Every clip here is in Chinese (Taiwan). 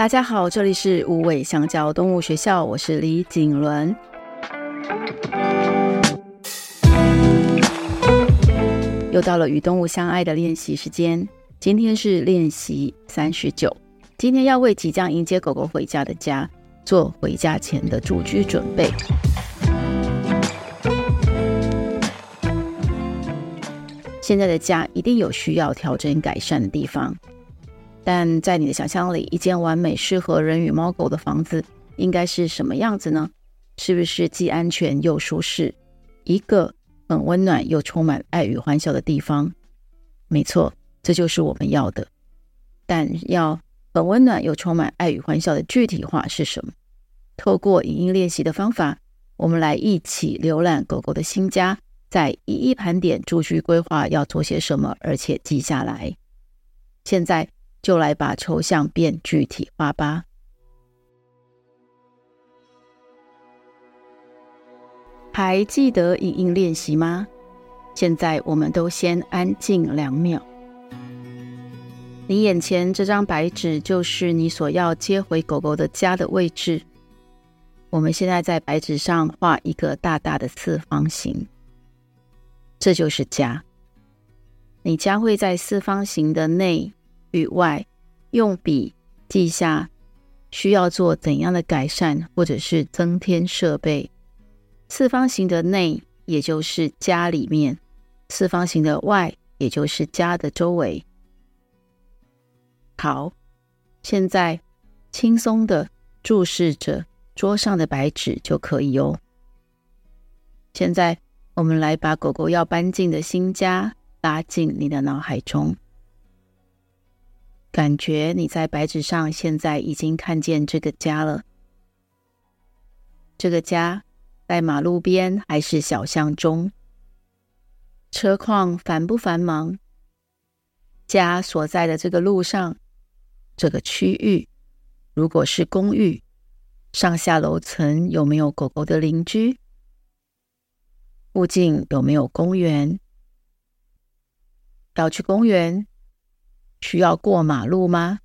大家好，這裡是無尾香蕉動物學校，我是李瑾倫。又到了與動物相愛的練習時間，今天是練習三十九。今天要為即將迎接狗狗回家的家做回家前的住居準備。現在的家一定有需要調整改善的地方。但在你的想象裡，一間完美適合人與貓狗的房子應該是什麼樣子呢？是不是既安全又舒適，一個很溫暖又充滿愛與歡笑的地方？沒錯，這就是我們要的。但要很溫暖又充滿愛與歡笑的具體化是什麼？透過影印練習的方法，我們來一起瀏覽狗狗的新家，再一一盤點住居規劃要做些什麼，而且記下來。現在。就來把抽象變具體化吧。還記得影印練習嗎？現在我們都先安靜兩秒。你眼前這張白紙就是你所要接回狗狗的家的位置。我們現在在白紙上畫一個大大的四方形，這就是家。你將會在四方形的內。與外用筆記下需要做怎樣的改善，或者是增添設備。四方形的內，也就是家裡面；四方形的外，也就是家的周圍。好，現在輕鬆的注視着桌上的白紙就可以哦。現在我們來把狗狗要搬進的新家拉進你的腦海中。感覺你在白紙上，現在已經看見這個家了。這個家在馬路邊還是小巷中？車況繁不繁忙？家所在的這個路上，這個區域，如果是公寓，上下樓層有沒有狗狗的鄰居？附近有沒有公園？要去公園，需要過馬路嗎？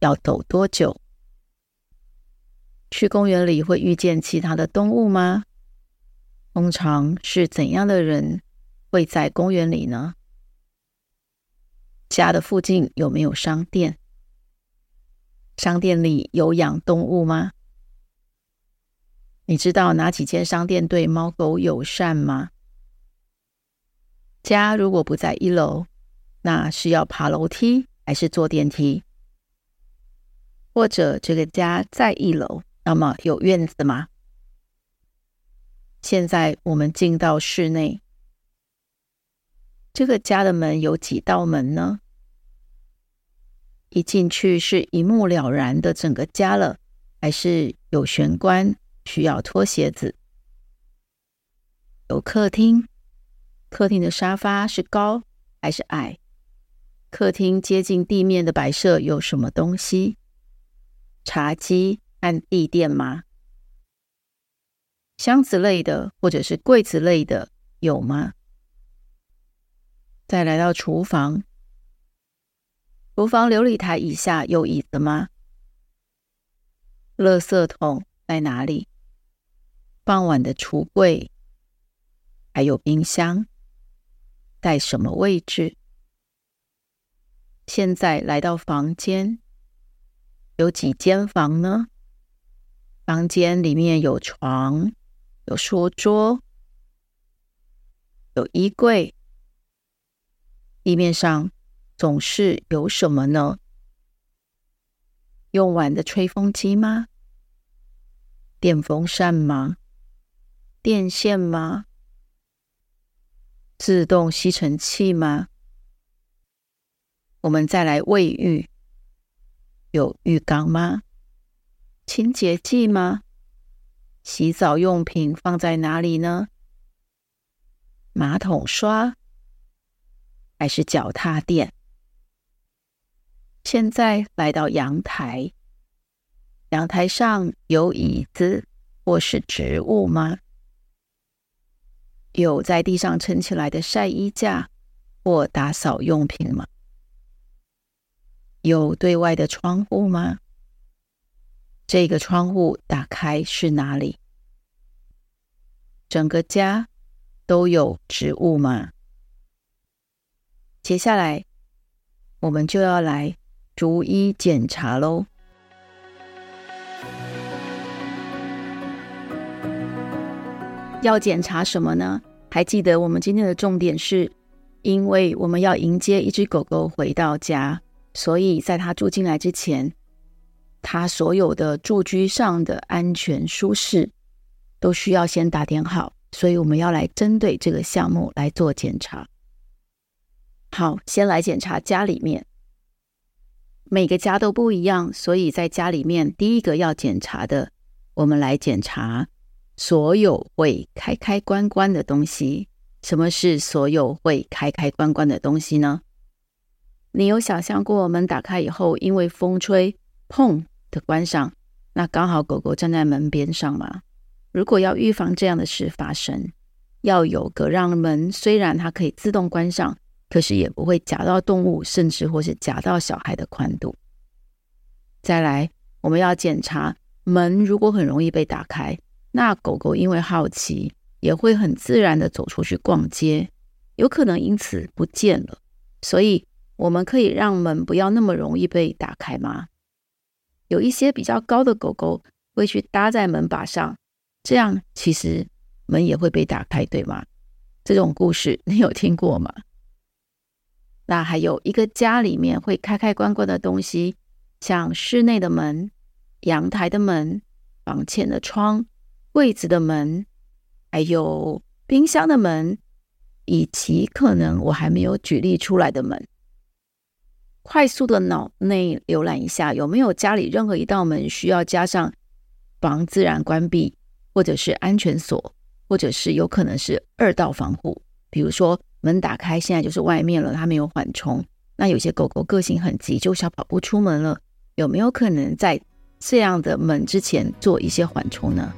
要走多久？去公園裡會遇見其他的動物嗎？通常是怎樣的人會在公園裡呢？家的附近有沒有商店？商店裡有養動物嗎？你知道哪幾間商店對貓狗友善嗎？家如果不在一樓，那是要爬樓梯還是坐電梯？或者這個家在一樓，那麼有院子嗎？現在我們進到室內，這個家的門有幾道門呢？一進去是一目了然的整個家了，還是有玄關需要脫鞋子？有客廳，客廳的沙發是高還是矮？客廳接近地面的擺設有什麼東西？茶几和地墊嗎？箱子類的或者是櫃子類的有嗎？再來到廚房，廚房流理台以下有椅子嗎？垃圾桶在哪裡？傍晚的櫥櫃還有冰箱在什麼位置？現在來到房間，有幾間房呢？房間裡面有床、有書桌、有衣櫃。地面上總是有什麼呢？用完的吹風機嗎？電風扇嗎？電線嗎？自動吸塵器嗎？我們再來衛浴，有浴缸嗎？清潔劑嗎？洗澡用品放在哪裡呢？馬桶刷？還是腳踏墊？現在來到陽台，陽台上有椅子或是植物嗎？有在地上撐起來的曬衣架或打掃用品嗎？有對外的窗戶嗎？這個窗戶打開是哪裡？整個家都有植物嗎？接下來，我們就要來逐一檢查嘍。要檢查什麼呢？還記得我們今天的重點是，因為我們要迎接一隻狗狗回到家。所以，在他住進來之前，他所有的住居上的安全舒適都需要先打點好。所以，我們要來針對這個項目來做檢查。好，先來檢查家裡面。每個家都不一樣，所以在家裡面第一個要檢查的，我們來檢查所有會開開關關的東西。什麼是所有會開開關關的東西呢？你有想象過門打開以後，因為風吹，砰的關上，那剛好狗狗站在門邊上嗎？如果要預防這樣的事發生，要有個讓門雖然它可以自動關上，可是也不會夾到動物，甚至或是夾到小孩的寬度。再來，我們要檢查門，如果很容易被打開，那狗狗因為好奇，也會很自然地走出去逛街，有可能因此不見了，所以。我們可以讓門不要那麼容易被打開嗎？有一些比較高的狗狗會去搭在門把上，這樣其實門也會被打開，對嗎？這種故事你有聽過嗎？那還有一個家裡面會開開關關的東西，像室內的門、陽台的門、房前的窗、櫃子的門，還有冰箱的門，以及可能我還沒有舉例出來的門。快速的腦內瀏覽一下，有沒有家裡任何一道門需要加上防自然關閉，或者是安全鎖，或者是有可能是二道防護？比如說門打開，現在就是外面了，它沒有緩衝。那有些狗狗個性很急，就小跑步出門了，有沒有可能在這樣的門之前做一些緩衝呢？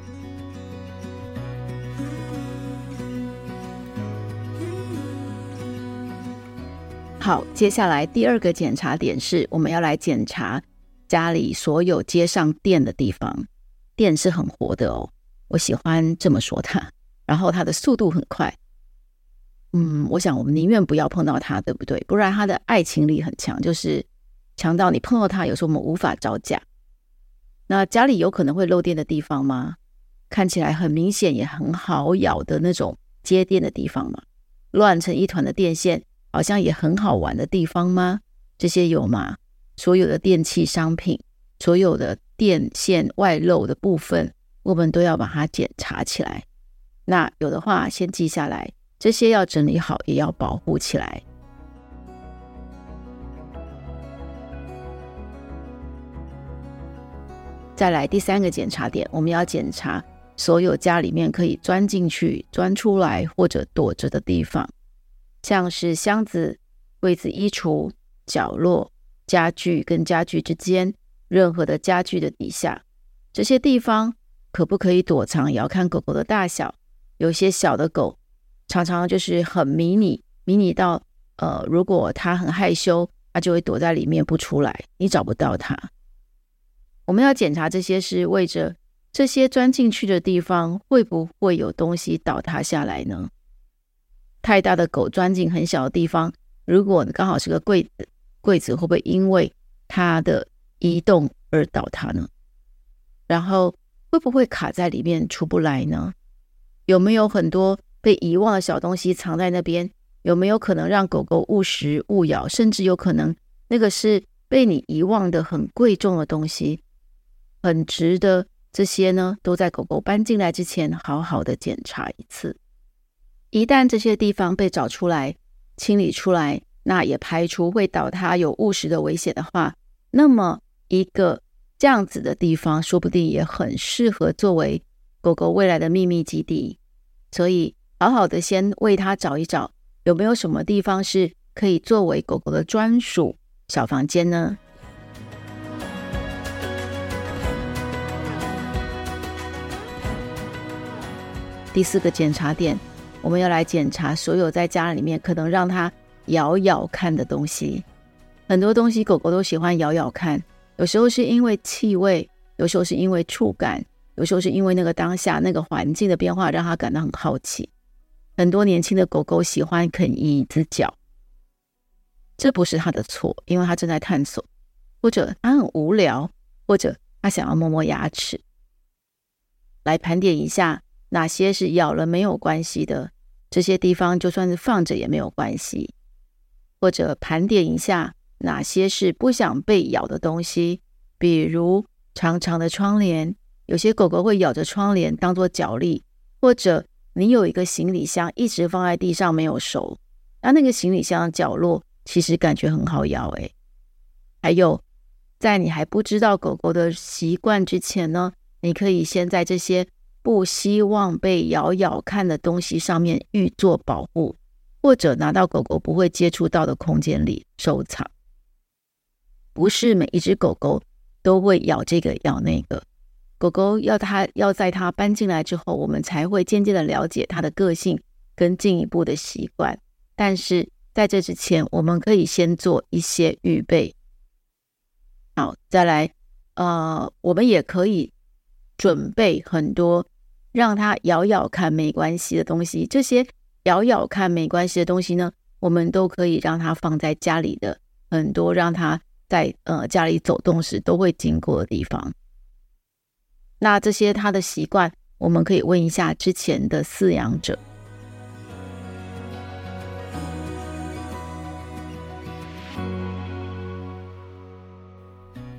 好，接下來第二個檢查點是我們要來檢查家裡所有接上電的地方。電是很活的哦，我喜歡這麼說它。然後它的速度很快，嗯，我想我們寧願不要碰到它，對不對？不然它的愛情力很強，就是強到你碰到它，有時候我們無法招架。那家裡有可能會漏電的地方嗎？看起來很明顯也很好咬的那種接電的地方嘛，亂成一團的電線。好像也很好玩的地方嗎？這些有嗎？所有的電器商品，所有的電線外露的部分，我們都要把它檢查起來。那有的話，先記下來。這些要整理好，也要保護起來。再來第三個檢查點，我們要檢查所有家裡面可以鑽進去、鑽出來或者躲着的地方。像是箱子、櫃子、衣櫥、角落、家具跟家具之間，任何的家具的底下，這些地方可不可以躲藏，也要看狗狗的大小。有些小的狗常常就是很迷你，迷你到，呃，如果它很害羞，它就會躲在裡面不出來，你找不到它。我們要檢查這些，是為着這些鑽進去的地方，會不會有東西倒塌下來呢？太大的狗鑽進很小的地方，如果剛好是個櫃子，櫃子會不會因為它的移動而倒塌呢？然後會不會卡在裡面出不來呢？有沒有很多被遺忘的小東西藏在那邊？有沒有可能讓狗狗誤食誤咬，甚至有可能那個是被你遺忘的很貴重的東西，很值得。這些呢，都在狗狗搬進來之前好好的檢查一次。一旦這些地方被找出來、清理出來，那也排除會倒塌有誤食的危險的話，那麼一個這樣子的地方，說不定也很適合作為狗狗未來的秘密基地。所以，好好的先為它找一找，有沒有什麼地方是可以作為狗狗的專屬小房間呢？第四個檢查點。我們要來檢查所有在家裡面可能讓它咬咬看的東西，很多東西狗狗都喜歡咬咬看，有時候是因為氣味，有時候是因為觸感，有時候是因為那個當下那個環境的變化讓它感到很好奇。很多年輕的狗狗喜歡啃椅子腳，這不是它的錯，因為它正在探索，或者它很無聊，或者它想要磨磨牙齒。來盤點一下。哪些是咬了沒有關係的？這些地方就算是放着也沒有關係。或者盤點一下，哪些是不想被咬的東西，比如長長的窗簾，有些狗狗會咬着窗簾當做腳力。或者你有一個行李箱一直放在地上沒有收，那那個行李箱的角落其實感覺很好咬誒，還有，在你還不知道狗狗的習慣之前呢，你可以先在這些。不希望被咬咬看的東西上面預做保護，或者拿到狗狗不會接觸到的空間裡收藏。不是每一隻狗狗都會咬這個咬那個，狗狗要它要在它搬進來之後，我們才會漸漸的了解它的個性跟進一步的習慣。但是在這之前，我們可以先做一些預備。好，再來，呃，我們也可以。準備很多讓他咬咬看沒關係的東西，這些咬咬看沒關係的東西呢，我們都可以讓他放在家裡的，很多讓他在，呃，家裡走動時都會經過的地方。那這些他的習慣，我們可以問一下之前的飼養者。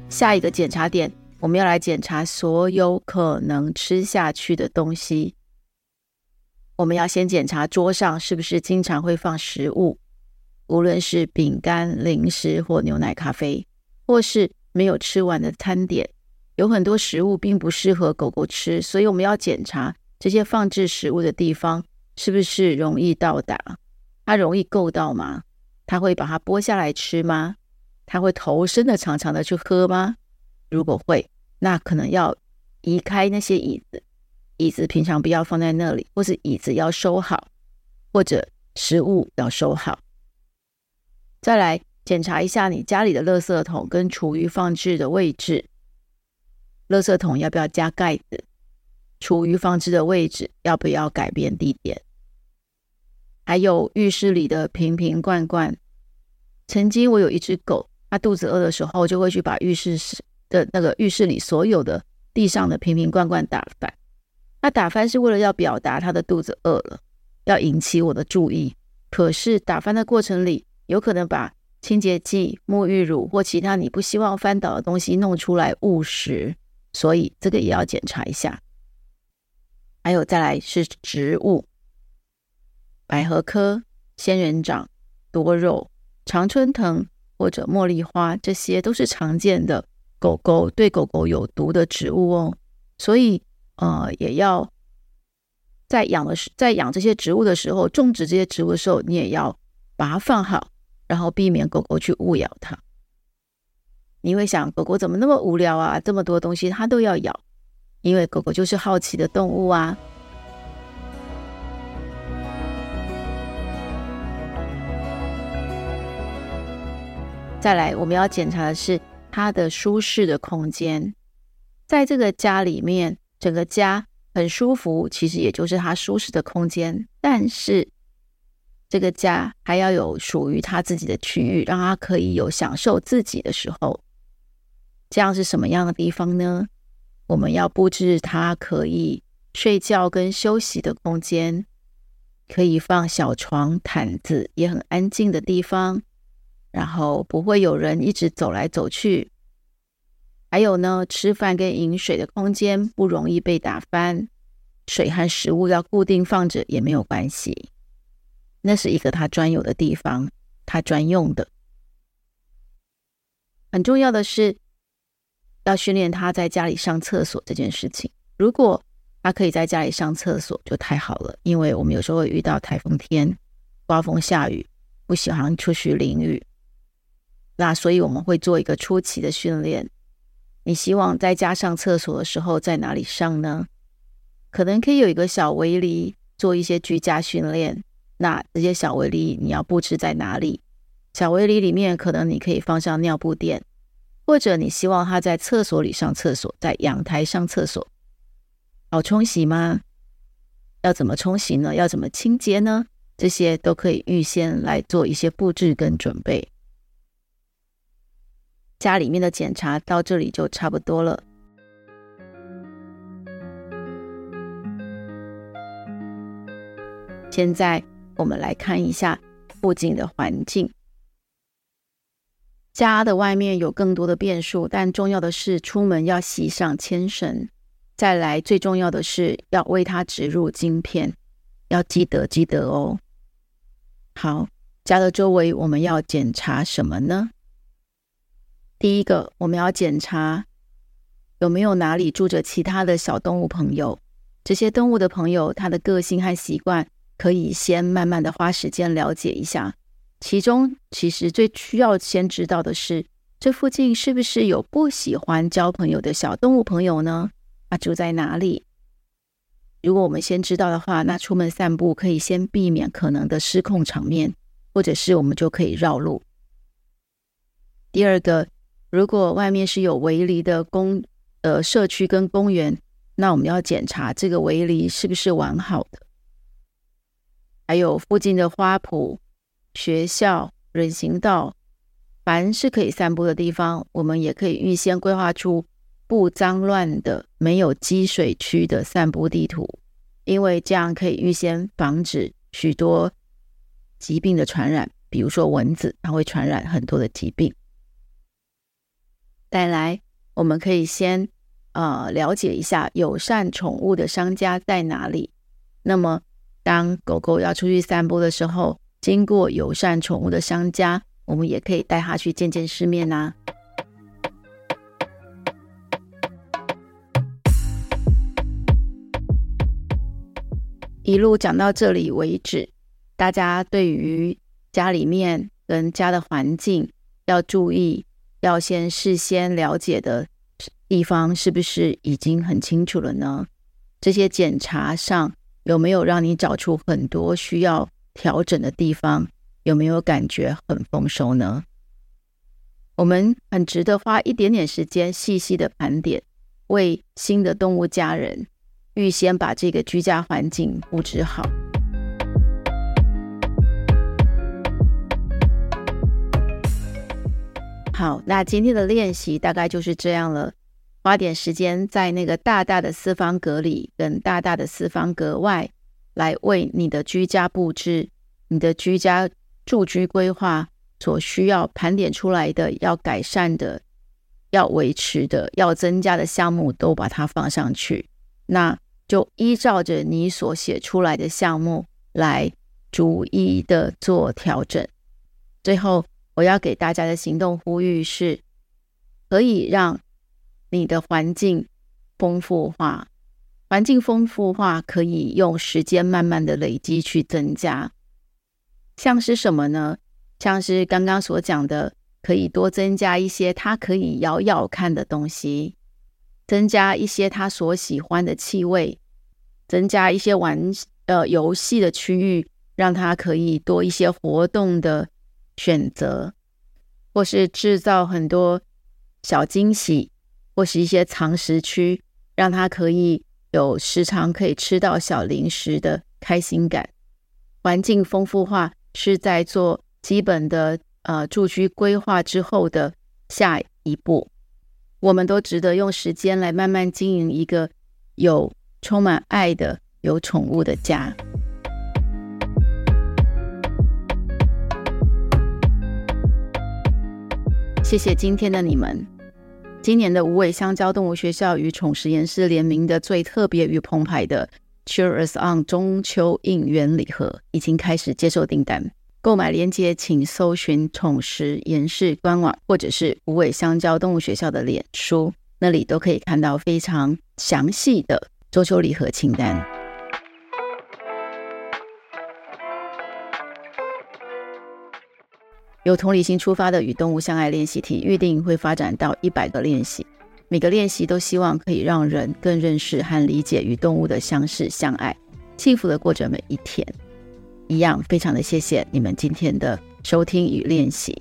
下一個檢查點。我們要來檢查所有可能吃下去的東西。我們要先檢查桌上是不是經常會放食物，無論是餅乾、零食或牛奶、咖啡，或是沒有吃完的餐點。有很多食物並不適合狗狗吃，所以我們要檢查這些放置食物的地方是不是容易到達？它容易夠到嗎？它會把它剝下來吃嗎？它會頭伸得長長的去喝嗎？如果會，那可能要移開那些椅子，椅子平常不要放在那裡，或是椅子要收好，或者食物要收好。再來檢查一下你家裡的垃圾桶跟廚餘放置的位置，垃圾桶要不要加蓋子？廚餘放置的位置要不要改變地點？還有浴室裡的瓶瓶罐罐。曾經我有一隻狗，它肚子餓的時候我就會去把浴室的那個浴室裡所有的地上的瓶瓶罐罐打翻，那打翻是為了要表達他的肚子餓了，要引起我的注意。可是打翻的過程裡，有可能把清潔劑、沐浴乳或其他你不希望翻倒的東西弄出來誤食，所以這個也要檢查一下。還有再來是植物，百合科、仙人掌、多肉、常春藤或者茉莉花，這些都是常見的。狗狗對狗狗有毒的植物哦，所以呃，也要在養的時，在養這些植物的時候，種植這些植物的時候，你也要把它放好，然後避免狗狗去誤咬它。你會想，狗狗怎麼那麼無聊啊？這麼多東西它都要咬，因為狗狗就是好奇的動物啊。再來，我們要檢查的是，他的舒適的空間，在這個家裡面，整個家很舒服，其實也就是他舒適的空間。但是，這個家還要有屬於他自己的區域，讓他可以有享受自己的時候。這樣是什麼樣的地方呢？我們要布置他可以睡覺跟休息的空間，可以放小床、毯子，也很安靜的地方。然後不會有人一直走來走去，還有呢，吃飯跟飲水的空間不容易被打翻，水和食物要固定放着也沒有關係，那是一個他專有的地方，他專用的。很重要的是，要訓練他在家裡上廁所這件事情。如果他可以在家裡上廁所，就太好了，因為我們有時候會遇到台風天，颳風下雨，不喜歡出去淋雨。那所以我們會做一個初期的訓練。你希望在家上廁所的時候在哪裡上呢？可能可以有一個小圍籬，做一些居家訓練。那這些小圍籬你要布置在哪裡？小圍籬裡面可能你可以放上尿布墊，或者你希望他在廁所裡上廁所，在陽台上廁所，好，沖洗嗎？要怎麼沖洗呢？要怎麼清潔呢？這些都可以預先來做一些布置跟準備。家裡面的檢查到這裡就差不多了。現在我們來看一下附近的環境。家的外面有更多的變數，但重要的是出門要繫上牽繩。再來，最重要的是要為它植入晶片，要記得記得哦。好，家的周圍我們要檢查什麼呢？第一個，我們要檢查有沒有哪裡住着其他的小動物朋友。這些動物的朋友，它的個性和習慣，可以先慢慢的花時間了解一下。其中，其實最需要先知道的是，這附近是不是有不喜歡交朋友的小動物朋友呢？他住在哪裡？如果我們先知道的話，那出門散步可以先避免可能的失控場面，或者是我們就可以繞路。第二個。如果外面是有圍籬的公呃社區跟公園，那我們要檢查這個圍籬是不是完好的。還有附近的花圃、學校、人行道，凡是可以散步的地方，我們也可以預先規劃出不髒亂的、沒有積水區的散步地圖，因為這樣可以預先防止許多疾病的傳染，比如說蚊子，它會傳染很多的疾病。帶來，我們可以先，呃，了解一下友善寵物的商家在哪裡。那麼，當狗狗要出去散步的時候，經過友善寵物的商家，我們也可以帶它去見見世面啊。一路講到這裡為止，大家對於家裡面跟家的環境要注意。要先事先了解的地方是不是已經很清楚了呢？這些檢查上有沒有讓你找出很多需要調整的地方？有沒有感覺很豐收呢？我們很值得花一點點時間細細的盤點，為新的動物家人預先把這個居家環境布置好。好，那今天的練習大概就是這樣了。花點時間在那個大大的四方格裡，跟大大的四方格外，來為你的居家布置、你的居家住居規劃所需要盤點出來的要改善的、要維持的、要增加的項目，都把它放上去。那就依照着你所寫出來的項目來逐一的做調整，最後。我要給大家的行動呼籲是，可以讓你的環境豐富化。環境豐富化可以用時間慢慢的累積去增加，像是什麼呢？像是剛剛所講的，可以多增加一些他可以咬咬看的東西，增加一些他所喜歡的氣味，增加一些玩，呃，遊戲的區域，讓他可以多一些活動的。選擇，或是制造很多小驚喜，或是一些藏食區，讓他可以有時常可以吃到小零食的開心感。環境豐富化是在做基本的，呃，住居規劃之後的下一步。我們都值得用時間來慢慢經營一個有充滿愛的，有寵物的家。謝謝今天的你們。今年的無尾香蕉動物學校與寵食研氏聯名的最特別與澎湃的 Cheers on 中秋應援禮盒已經開始接受訂單。購買鏈接請搜尋寵食研氏官網，或者是無尾香蕉動物學校的臉書，那裡都可以看到非常詳細的中秋禮盒清單。由同理心出發的與動物相愛練習題，預定會發展到一百個練習，每個練習都希望可以讓人更認識和理解與動物的相識相愛，幸福的過着每一天。一樣非常的謝謝你們今天的收聽與練習。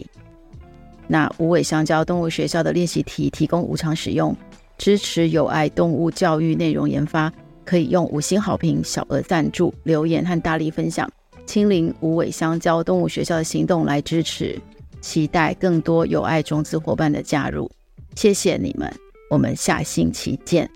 那無尾香蕉動物學校的練習題提供無償使用，支持有愛動物教育內容研發，可以用五星好評、小額贊助、留言和大力分享。親臨無尾香蕉動物學校的行動來支持，期待更多有愛種子夥伴的加入，謝謝你們，我們下星期見。